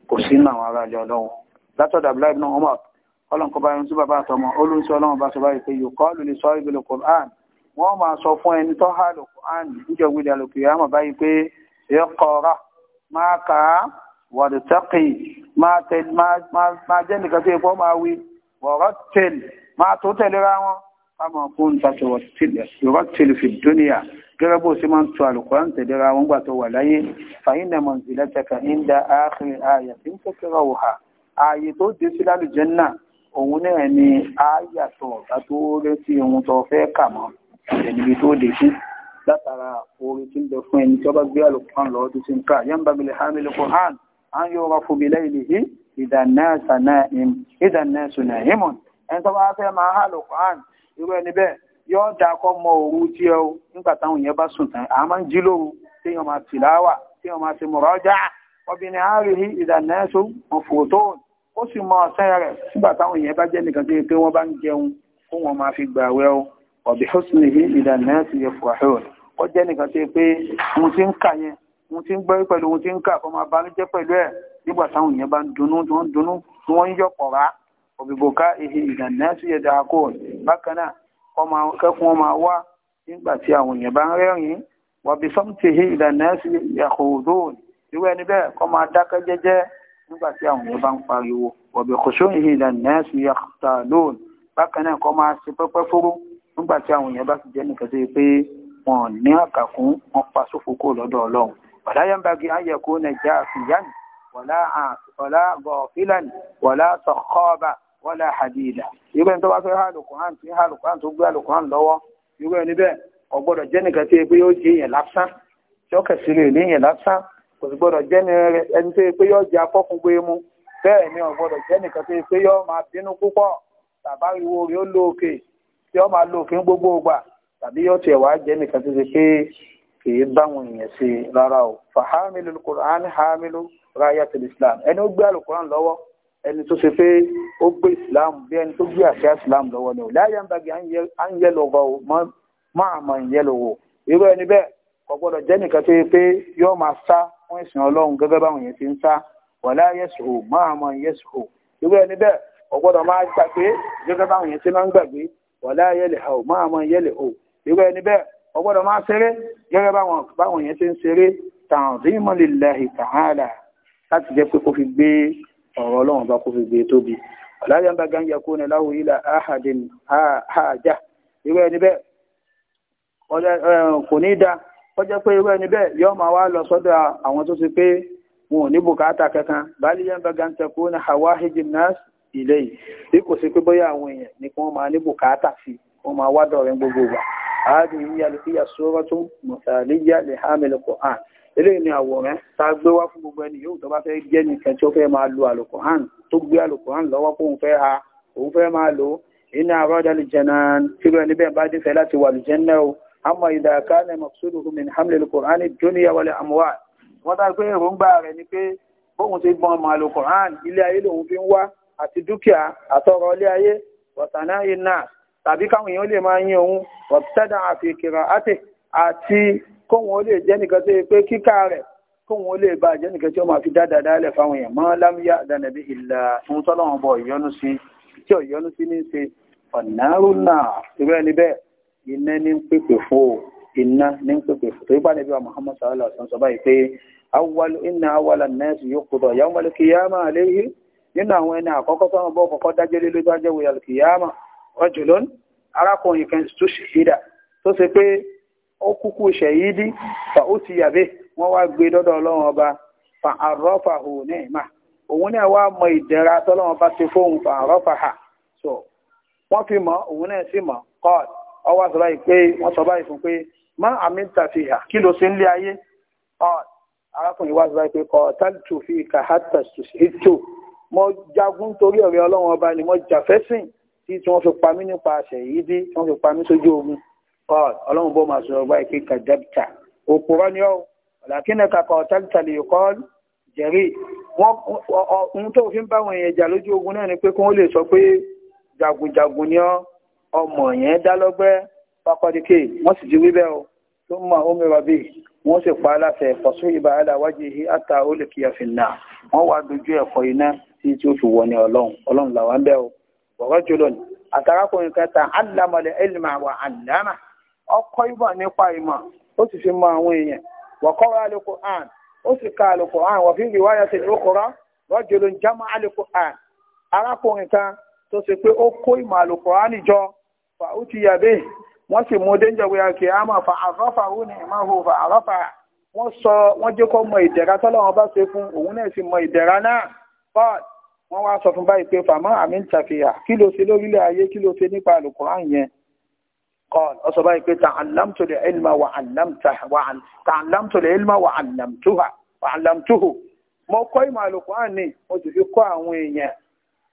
kò sí náà àwọn ará ilé ọlọ́run látọ̀dọ̀ abúlé ibn Umar ọlọ́nkọ́ bá yẹn tí bàbá àtọmọ olùsọ ọlọ́run bá sọ báyìí pé yòókọ́ lórí sọ ìbílẹ̀ Qur'an wọ́n máa sọ fún ẹni tọ́ha lò Qur'an níjọ gbé dàlùkì yàmọ̀ báyìí pé iqra máa kà á wàdùtẹ́kì máa jẹ́ nìkan tó yẹ kó máa wí wọ̀rọ̀ tẹ̀lé máa tó tẹ̀lé ra wọn kámọ̀ fún tàṣẹ yorùbá tìlù fi dúnìyà gẹ́gẹ́ bó ṣe máa ń tu àlùkùránì tẹ̀lera wọn gbà tó wà láyé fàyínà mọ̀nsílẹ́tẹ̀kà ń da ààfin ààyè tí ń kẹ́kẹ́rọ̀ wò ha ààyè tó dé sí lálùjánnà òun náà ni ààyà tó ọ̀gá tó rétí ohun tó fẹ́ kà mọ́ ìdẹ̀nibi tó dé sí látara orin tí ń bẹ fún ẹni tí bá gbé àlùkùránì lọ́wọ́ tó ti ń kà yẹn ń bagilẹ̀ hamilu quran à ń yọra fún lẹ́yìn lèyí sànà ìmọ̀ ẹni tó bá fẹ́ máa hà irú ẹni bẹ́ẹ̀ yóò da kọ́ mọ òru tí ẹ o nígbà táwọn yẹn bá sùn tán àmọ́ ń jí lóru téèyàn máa tìláwà téèyàn máa ṣe mọ̀rọ́jà obìnrin àárín ìdánẹ́sọ ọ̀fọ̀tò ó sì mọ ọ̀sán rẹ̀ nígbà táwọn yẹn bá jẹ́ nìkan tó yẹ pé wọ́n bá ń jẹun kó wọn máa fi gbàwẹ̀ o ọ̀bí hosnihi ìdánẹ́sọ yẹfùwàhùn ó jẹ́ nìkan tó yẹ pé mo ti ń kà yẹn mo ti ń gbẹ́ pẹ̀lú mo ti ń kà kó máa banújẹ́ pẹ̀lú ẹ̀ nígbà táwọn yẹn bá ń dunnú tí wọ́n ń dunnú tí wọ́n ń yọ̀pọ̀ rà òbíbòká ihe ìdànà sí ẹ̀dà àkó bákan náà kẹ́kùn ọmọ wá nígbà tí àwọn èèyàn bá ń rẹ́rìn wàbí sọ́mùtì ihe ìdànà sí ẹ̀kọ́dọ̀ irú ẹni bẹ́ẹ̀ kọ́ máa dákẹ́ jẹ́jẹ́ nígbà tí àwọn èèyàn bá ń pariwo wàbí kòṣó ihe ìdànà sí ẹ̀kọ́dọ̀ bákan náà kọ́ máa ṣe pẹ́pẹ́ fóró nígbà tí àwọn èèyàn bá ti jẹ́ nìkan tó pé wọn ní àkàkún wọn pa sófo kó lọ́dọ̀ ọlọ́run wàlá yánbagí ayẹ̀kọ́ nàìjíríà fìyàn wàlá gọ̀ọ́fílàn wàlá tọ̀kọ́ọ̀bà wala hadida irú ẹni tó bá fẹ́ hàlùkùrán tí hàlùkùrán tó gbé hàlùkùrán lọ́wọ́ irú ẹni bẹ́ẹ̀ ó gbọ́dọ̀ jẹ́ nìkan tí pé yóò jẹ́ èèyàn lásán tí ó kẹ̀sí rè ní èèyàn lásán kò sì gbọ́dọ̀ jẹ́ ẹni tí pé yóò jẹ́ afọ́kùn gbé mu bẹ́ẹ̀ ni ó gbọ́dọ̀ jẹ́ nìkan tí pé yóò máa bínú púpọ̀ tàbá ìwo rẹ̀ ó lo òkè tí ó máa lo òkè gbogbo ògbà tàbí yóò tiẹ̀ wá jẹ́ nìkan tí pé kì í báwọn èèyàn ṣe rárá o ẹni tó ṣe pé ó gbé islam bí ẹni tó gbé àṣà islam lọ́wọ́ ni ò láyé ń bagi à ń yẹ lọ́wọ́ o máa mọ̀ ń yẹ lọ́wọ́ irú ẹni bẹ́ẹ̀ kò gbọ́dọ̀ jẹ́ nìkan tó yẹ pé yóò máa sá fún ìsìn ọlọ́run gẹ́gẹ́ báwọn yẹn ti ń sá wàlá yẹsùn o máa mọ̀ ń yẹsùn o irú ẹni bẹ́ẹ̀ kò gbọ́dọ̀ máa gbàgbé gẹ́gẹ́ báwọn yẹn ti máa ń gbàgbé wàlá yẹlẹ̀ o máa mọ̀ ń yẹlẹ̀ o irú ẹni bẹ́ẹ̀ kò gbọ́dọ̀ máa ṣeré gẹ́gẹ́ báwọn yẹn ti ń ṣeré tàǹdínmọ̀lélẹ́hìn tàhálà láti jẹ́ pé kó fi gbé ọ̀rọ̀ ọlọ́run bá kó fi gbé tóbi ọ̀làyé ń bá gánjà kó ní láwùí ilà ahadin àjà irú ẹni bẹ́ẹ̀ kò ní da ó jẹ́ pé irú ẹni bẹ́ẹ̀ yóò máa wá lọ sọ́dọ̀ àwọn tó ti pé wọn ò ní bùkátà kankan báyìí yẹn ń bá gánjà kó ní hawa hijimnas ilé yìí bí kò sí pé bóyá àwọn èèyàn ni kí wọ́n máa ní bùkátà sí wọ́n máa wá dọ̀rẹ́ gbogbo wa àádìí yíyá lè tún mọ̀sálíyà lè hàmìlì kò hàn eléyìí ni àwòrán tá a gbé wá fún gbogbo ẹni yóò tó bá fẹ́ jẹ́ nìkan tí ó fẹ́ máa lo alukoran tó gbé alukoran lọ́wọ́ kó òun fẹ́ ha òun fẹ́ máa lo iná àrọ́jà lè jẹ̀nà tìrọ ẹni bẹ́ẹ̀ bá dé fẹ́ láti wà lùjẹ́nà o àmọ́ ìdá kánẹ mọ̀sùlù min hamlẹ̀ alukoran dúníyà wọlé àmúwà wọ́n dá pé èròǹgbà rẹ̀ ni pé bóun ti gbọ́n ọmọ alukoran ilé ayé lòun fi ń wá àti dúkìá àtọrọ ilé ayé wọ̀tánà iná tàbí káwọn èèyàn lè máa yín òun wọ̀tẹ́dà àfikìrà àti kóhun ó lè jẹ́ nìkan tó yẹ pé kíkà rẹ̀ kóhun ó lè bá tí ó máa fi dáadáa dálẹ̀ fáwọn èèyàn mọ́ lámúyá dànàbí ìlà fún tọ́lọ́wọ́n bọ̀ ìyọnu sí tí ò yọnu sí ní ṣe náà irú bẹ́ẹ̀ iná ní ń pèpè iná ní ń pèpè wa Muhammad sallallahu alaihi wa sọ báyìí pé nẹ́ẹ̀sì yóò nínú àwọn ẹni ó kúkú ṣẹ̀yídí fa ó ti yàbé wọ́n wá gbé dọ́dọ̀ ọlọ́run ọba fa àrọ́fà hù ní ìmá òun náà wá mọ ìdẹ̀ra tọ́lọ́run ọba ti fóun fa àrọ́fà hà so wọ́n fi mọ̀ òun náà sì mọ̀ kọ́ọ̀d ọwọ́ sọ báyìí pé wọ́n sọ báyìí fún pé má àmì ń tàfi hà kí ló ṣe ń lé ayé kọ́ọ̀d arákùnrin wá sọ báyìí pé kọ́ọ̀d tàbí fi kà hàtà ètò mo jagun torí ọ̀rẹ́ ọlọ́run ọba ni mo jà fẹ́sìn tí wọ́n fi pa mí nípa àṣẹ قال اللهم بوما سوبايك كذبت وقران يو ولكنك قاتلت ليقال جري wọn tó fi ń bá àwọn èèyàn jà lójú ogun náà ni pé kí wọn lè sọ pé jagunjagun ni ọmọ yẹn dá lọ́gbẹ́ pápádíkè wọn sì ti wí bẹ́ẹ̀ o tó mọ àwọn mẹ́wàá bíi wọn sì pa aláṣẹ ẹ̀fọ́sùn ìbá aláwájú yìí àtà olùkìyàfin náà wọn wàá dojú ẹ̀fọ́ iná tí tí ó fi wọ ní ọlọ́run ọlọ́run làwọn bẹ́ẹ̀ o wọ́n jùlọ ní kẹta alámọ̀lẹ́ ẹ̀lìmọ̀ àwọn àlámà ọkọ ìmọ̀ nípa ìmọ̀ ó si fi mọ àwọn èèyàn wọ̀kọ́rọ̀ alukur'an O si ka An. wọ̀ waya si sí ìlúkọ̀rọ̀ rọ́jòló jámọ́ An. arákùnrin kan tó si pe o kó jọ fa ti yàgbé wọ́n si fa fa sọ mọ ìdẹ̀ra tọ́lọ́wọ́n òun sọ fún báyìí pé fama kí ló ṣe lórílẹ̀ ayé kí ló ṣe nípa yẹn قال أصبعي كي تعلمت العلم وعلمته وعل... تعلمت العلم وعلمتها وعلمته mo kọ́ ìmọ̀ alukur'an ni mo sì fi kọ́ àwọn èèyàn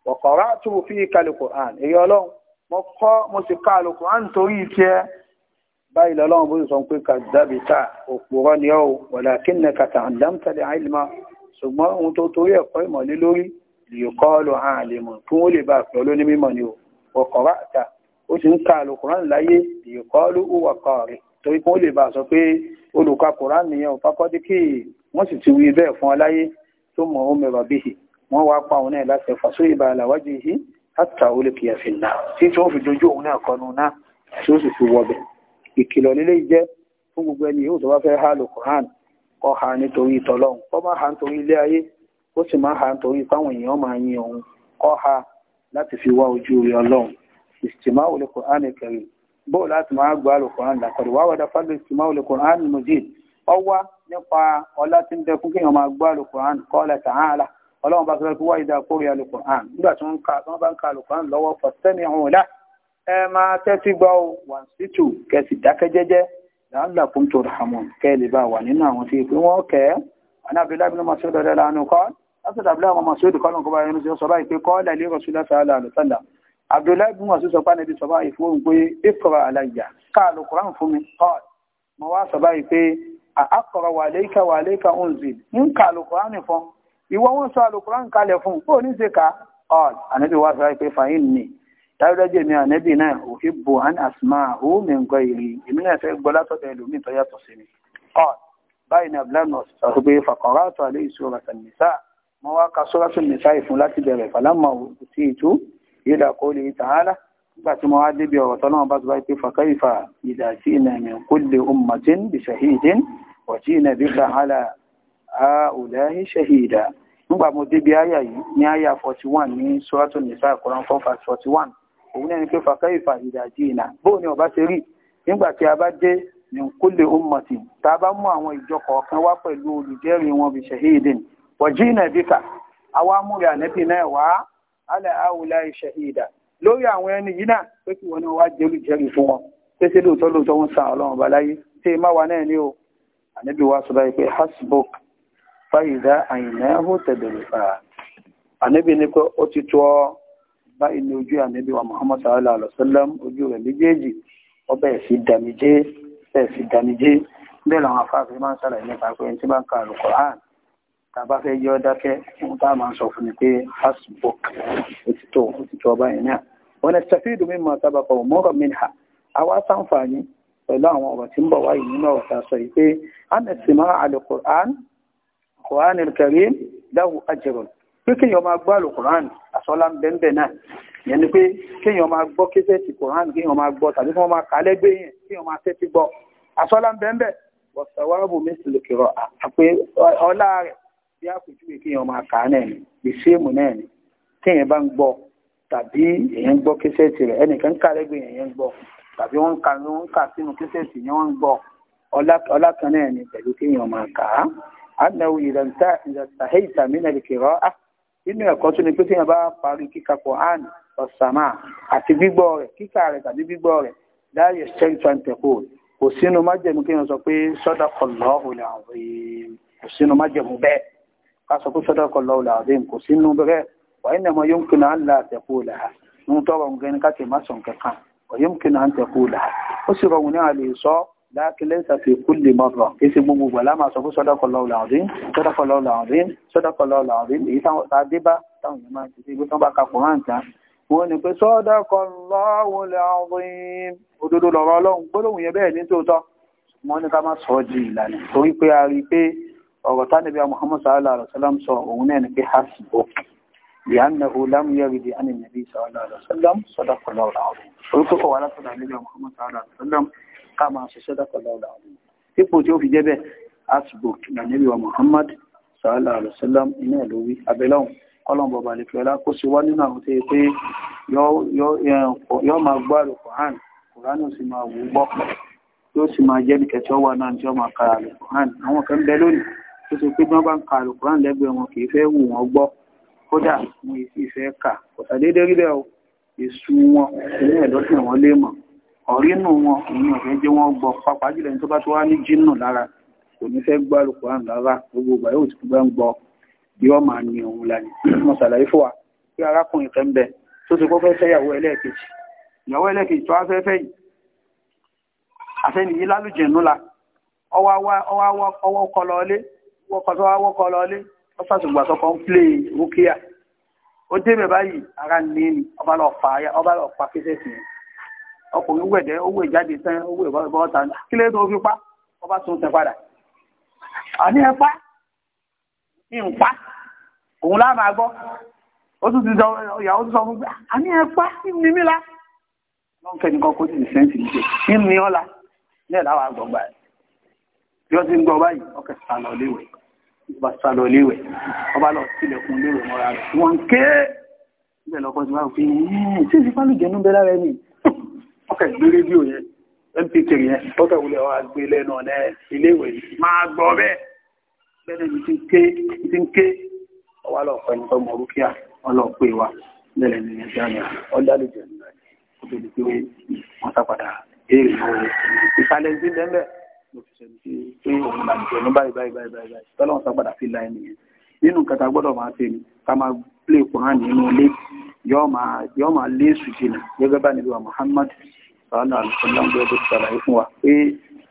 wa qara'tu fika alukur'an èyí ọlọ́run mo kọ́ mo sì ka alukur'an torí tiẹ̀ báyìí lọ́lọ́run bó sì sọ pé kadhabta òpùrọ́ ni ọ́ walakinnaka ta'allamta al-ilma ṣùgbọ́n ohun tó torí ẹ̀kọ́ ìmọ̀ lé lórí li yuqalu alimun kí wọ́n lè bá a pẹ̀lú ní mímọ̀ ni ò wa qara'ta ó sì ń ka àlùkùránì láyé ìkọlù hùwà kọ̀ọ̀rì torí kí wọ́n lè bá a sọ pé olùka kùránì nìyẹn ò fakọ́dí kí wọ́n sì ti wí bẹ́ẹ̀ fún ọ láyé tó mọ̀ ó mẹ́rọ bíi wọ́n wá pa òun náà láti ẹ̀fà sórí ìbá àlàwájú yìí láta ó lè kìyà fi nà tí tí wọ́n fi dojú òun náà kọnu náà tí ó sì fi wọbẹ̀ ìkìlọ̀ lílé jẹ́ fún gbogbo ẹni yóò tó bá fẹ́ há àlùkùránì kó há nítorí tọlọ́hun kó má há nítorí ilé ayé ó sì má استماع للقرآن الكريم bóò láti máa gba alukoran lakọrọ wàá wàdà fàlẹ ìsìnmá olè koran mujid ọwá nípa ọlá tí ń dẹkùn kí èèyàn máa gba alukoran kọlẹ tààlà Ọlọ́run bá sọ̀rọ̀ pé wáyé dá kórè alukoran nígbà tí wọ́n bá ń ka alukoran lọ́wọ́ fọsẹmi ọhún ọlá ẹ máa tẹ́tí gbọ́ ọ wọn sí tù kẹsì dákẹ́ jẹ́jẹ́ làálà kún tó rahamu kẹlẹ bá wà nínú àwọn tí ìpín wọn kẹ anábìlá bí wọn máa sọdọ rẹ lánàá kọ lásìkò àbílẹ àwọn máa sọdọ kọlọn kọba ẹni tí wọn sọ báyìí pé kọ abdullahi bin wasu sọpá níbi sọpá ìfowópamọ́ pé ìkọ̀rọ̀ àlàyé káàlù kuran fún mi paul mo wá sọpá yìí pé àkọ̀rọ̀ wà lẹ́kà wà lẹ́kà ń zì ń kààlù kuran nìfọ́ ìwọ wọn sọ àlù kuran kalẹ̀ fún bó ní ṣe ká paul ànábì wá sọpá yìí pé fàyín ni dájúdájú èmi ànábì náà ò fi bò án àsìmá òhùnmí nǹkan ìrì èmi náà fẹ́ gbọ́ látọ̀dọ̀ ẹlòmíì tó yàtọ̀ sí mi paul báyìí ni abdullahi bin sọ pé fàkọ̀rọ̀ àtọ̀ àlẹ́ ìṣòro àtàlẹ́sà mo wá ka sọ́rọ́ sí mi sáì fún láti bẹ̀rẹ̀ fàlámà òkú sí ìdá kó lè tààlà nígbà tí mo wá débi ọ̀rọ̀ tọ́nà bá ti bá pé fàkàìfà ìdá tí ìnà min kulli ummatin bi shahidin wa ji'na bika ala ha'ula'i shahida nígbà mo débi àyà yìí ní àyà 41 ní suratu nisa Quran 441 òun náà ni pé fàkàìfà ìdá tí ìnà bóun ni ọba ṣe rí nígbà tí a bá dé min kulli ummatin tá a bá mú àwọn ìjọ kọ̀ọ̀kan wá pẹ̀lú olùjẹ́rìí wọn bi shahidin wa ji'na bika àwa amúrẹ̀ ànẹ́bì náà wàá alẹ́ àwùlá iṣẹ́ ìdá lórí àwọn ẹni yìí náà pé kí wọn náà wá jẹ́ olùjẹ́rìí fún wọn pé sí lóòótọ́ lóòótọ́ wọn sàn ọlọ́run bá láyé tí ì má wà náà ní o ànábì wa sọ báyìí pé hasbok fàyídá àyìnáhó tẹ̀dẹ̀lẹ̀fà ànábì ní pé ó ti tọ́ báyìí ní ojú ànábì wa muhammad sallallahu alaihi wa sallam ojú rẹ̀ méjèèjì ó bẹ̀rẹ̀ sí damijé bẹ̀rẹ̀ sí damijé bẹ́ẹ̀ làwọn afáàfin máa ń sàlàyé nípa pé ẹni tí bá ń ka àlùkò áàni tàbá fẹ́ yọ dákẹ́ ohun tá a máa sọ fún ni pé hasbok ó ti tó ó ti tó ọba yẹn náà wọn ẹsẹ fi ìdùnnú mọ sábàkọ mọrọ minha àwa sáǹfààní pẹ̀lú àwọn ọ̀rọ̀ tí ń bọ̀ wáyé nínú ọ̀rọ̀ tá a sọ yìí pé anẹsìmọ alukur'an kur'an karim dáwù ajẹrọ pé kéèyàn máa gbọ́ alukur'an àsọlá ń bẹ́ẹ̀ náà yẹn ni pé kéèyàn máa gbọ́ kéfẹ́ẹ̀tì kur'an kéèyàn máa gbọ́ tàbí kí wọ́n máa kálẹ́ gbé yẹn kéèyàn máa tẹ́tí gbọ́ àsọlá ń bẹ́ẹ̀ bẹ́ẹ̀ wọ́n sọ wàá bù mí sílùkì rọ̀ àpé bí àpèjúwe kí èèyàn máa kà á náà ni ìṣéèmù náà ni tí èèyàn bá ń gbọ́ tàbí èèyàn ń gbọ́ késẹ́ẹ̀tì rẹ̀ ẹnìkan ń kà lẹ́gbẹ̀ẹ́ èèyàn ń gbọ́ tàbí wọ́n ń kà ló ń kà sínú késẹ́ẹ̀tì ni wọ́n ń gbọ́ ọlá kan náà ni pẹ̀lú kí èèyàn máa kà á àdánwò ìdàntà ìdàntà mí náà lè kéré á nínú ẹ̀kọ́ tó ni pé tí èèyàn bá parí kíkà pọ̀ án ọ̀sàmà àti gbígbọ́ rẹ̀ kíkà rẹ̀ tàbí gbígbọ́ rẹ̀ láàyè strength and tẹ̀kọ́ kò sínú májẹ̀mú kí sọ pé sọ́dọ̀ kọ̀ lọ́ọ̀hùn làwọn èèyàn kò sínú májẹ̀mú bẹ́ẹ̀ aṣọ kó sọ́dọ̀ kọ lọ́wọ́ làwọn kò sínú bẹ́rẹ̀ wàá ní ọmọ yóò kìnnà ńlá àtẹ̀kù là ń tọrọ nǹkan ní káàkiri má sọ nǹkan kan wàá yóò kìnnà àtẹ̀kù là ó sì rọrùn ní àlè sọ lákìlẹ̀ ìsàfihàn kúlè mọ̀rọ̀ kí sí gbogbo ìgbà láàmà sọ fún sọ́dọ̀ kọ lọ́wọ́ làwọn rí sọ́dọ̀ kọ lọ́wọ́ làwọn rí sọ́dọ̀ kọ lọ́wọ́ làwọn rí èyí táwọn tá a dé bá pé sọ́dọ̀ kọ lọ́wọ́ làwọn rí òdodo lọ́rọ̀ ọlọ́run gbólóhùn yẹn bẹ́ẹ̀ ní tòótọ́ wọ́n ní ká má sọ di ìlànà torí pé a rí i pé ọ̀rọ̀ tá níbi Muhammad sallallahu alaihi wasallam sọ òun náà ni pé hasbuk لأنه لم يرد عن النبي صلى الله عليه وسلم صدق الله العظيم orúkọ wà látọ̀dọ̀ àlejò Muhammad sallallahu alaihi wasallam ká máa ṣe sadaqa Allahu alazim ipò tí ó fi jẹ́ bẹ́ẹ̀ asbuk na níbi wa Muhammad sallallahu alaihi wasallam iná ẹ̀ lórí abẹ́lọ́hùn kọ́lọ̀mbọ̀ balẹ̀kẹ́lá kó sì wá nínú àwọn tó yẹ pé yọ́ máa gbọ́ àrùn Quran Quran ó sì máa wù jẹ́ nìkẹ́ wà náà tí ó máa ka àrùn Quran àwọn kan bẹ lónìí tó ṣe pé bí wọ́n bá ń ka alukuran lẹ́gbẹ̀ẹ́ wọn kì í fẹ́ wù wọ́n gbọ́ kódà wọn ì fẹ́ kà kọ̀tàdédé rí bẹ́ẹ̀ o èṣù wọn ilé ẹ̀dọ́sìn wọn lè mọ̀ ọ̀rínù wọn òun ọ̀fẹ́ jẹ́ wọ́n gbọ́ pàápàá jùlọ ẹni tó bá tó wá ní jínù lára kò ní fẹ́ gbọ́ alukuran lára gbogbo ìgbà yóò ti gbọ́ ń gbọ́ yóò máa ní òun lani [CLEARS THROAT] mo ṣàlàyé fún wa pé arákùnrin kan bẹ tó ṣe kó fẹ́ fẹ́ ìyàwó ẹlẹ́ẹ̀kejì ìyàwó ẹlẹ́ẹ̀kejì tó wá fẹ́ fẹ́ yìí àfẹ́niyí lálùjẹ̀nú la ọwọ́ kọlọ́ọ́lé wọ́kọ̀ tó wá wọ́kọ̀ lọlé wọ́n sàṣùgbà tó kàn ń plé rúkìá ó débẹ̀ báyìí ara ní ni ọba lọ fà á ọba lọ pa kéṣẹ́ sí ọkùnrin wẹ̀dẹ́ owó ìjáde tán owó ìbọ̀ ọ̀tá kí lè tó fi pa ọba tún tẹ padà àní ẹ pa ń pa òun láà máa gbọ́ ó tún ti sọ ìyàwó tún sọ fún pé àní ẹ pa ní mí la lọ́n kẹ́ni kan kó sì ti sẹ́ǹtì níṣẹ́ ní ní ọ́la ní ẹ̀ láwọn ẹ̀ bí wọ́n ti ń gbọ́ báyìí ọkẹ́ sá léwèé ìbá sálọ léwẹ̀ ọba lọ sílẹ̀kùn léwẹ̀ mọ́ra rẹ̀ wọ́n ké ibẹ̀ lọ́kọ́ ti wá òfin yìí tí ìsìnkú alùjẹ̀nu bẹ́ lára ẹni ọkẹ̀ gbé rédíò yẹn mp3 yẹn tọ́kẹ̀ wulẹ̀ wa gbé lẹ́nu ọ̀nà iléèwé máa gbọ́ bẹ́ẹ̀ bẹ́ẹ̀ ni ti ń ké ti ń ké ọwọ́ lọ pẹ̀ nípa ọmọ rúkìá wọn lọ pé wa bẹ́ẹ̀ ni ẹ̀ jáde ọ̀dàlùjẹ̀nu rẹ̀ ó ti di pé wọ́n sá ló fi sẹ́ni sí pé òun là ń jẹ ní báyìí báyìí báyìí báyìí tọ́lọ́run sá padà fi la ẹni yẹn nínú nǹkan tá a gbọ́dọ̀ máa ṣe ni ká máa lè kùrán nínú ilé yóò máa lé èsù jìnnà gẹ́gẹ́ bá nílùú Muhammad sàlá àlùfọ́lá ń gbé ọdún ṣàlàyé fún wa pé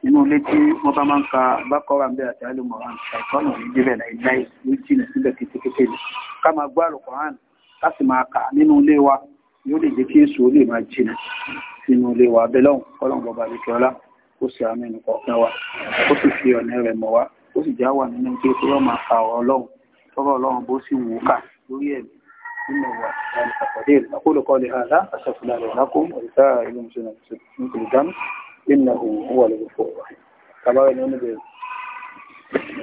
inú ilé tí wọ́n bá máa ń ka bákọ́rà ń bẹ àti alùmọ̀ràn ṣàìkọ́nà ní jíbẹ̀ láìláì ló jìnnà síbẹ̀ kétékété ni ká máa gbọ́ àlùkọ́rán ká sì máa kà nínú ilé wa yóò lè jẹ́ kí èsù ó lè máa jìnnà sínú ilé wa abẹ́lọ́hùn kọ́lọ́hùn bọ́ba àbíkẹ́ọ́lá ó sì àánú ẹnì kọ̀ọ̀kan wa ó sì fi ọ̀nà rẹ̀ mọ̀ wá ó sì já wà nínú pé kí wọ́n máa ka ọ̀rọ̀ ọlọ́run tọ́rọ̀ ọlọ́run bó sì wù ú kà lórí ẹ̀mí nínú wa ìdáni àkọ́dé ìlàkúlù kọ́lé àlá àṣàfihàn rẹ̀ lákòó ọ̀dẹ́sà ìlú mùsùlùmí nítorí dánú ìnáwó wà lórí fọ̀ọ̀rọ̀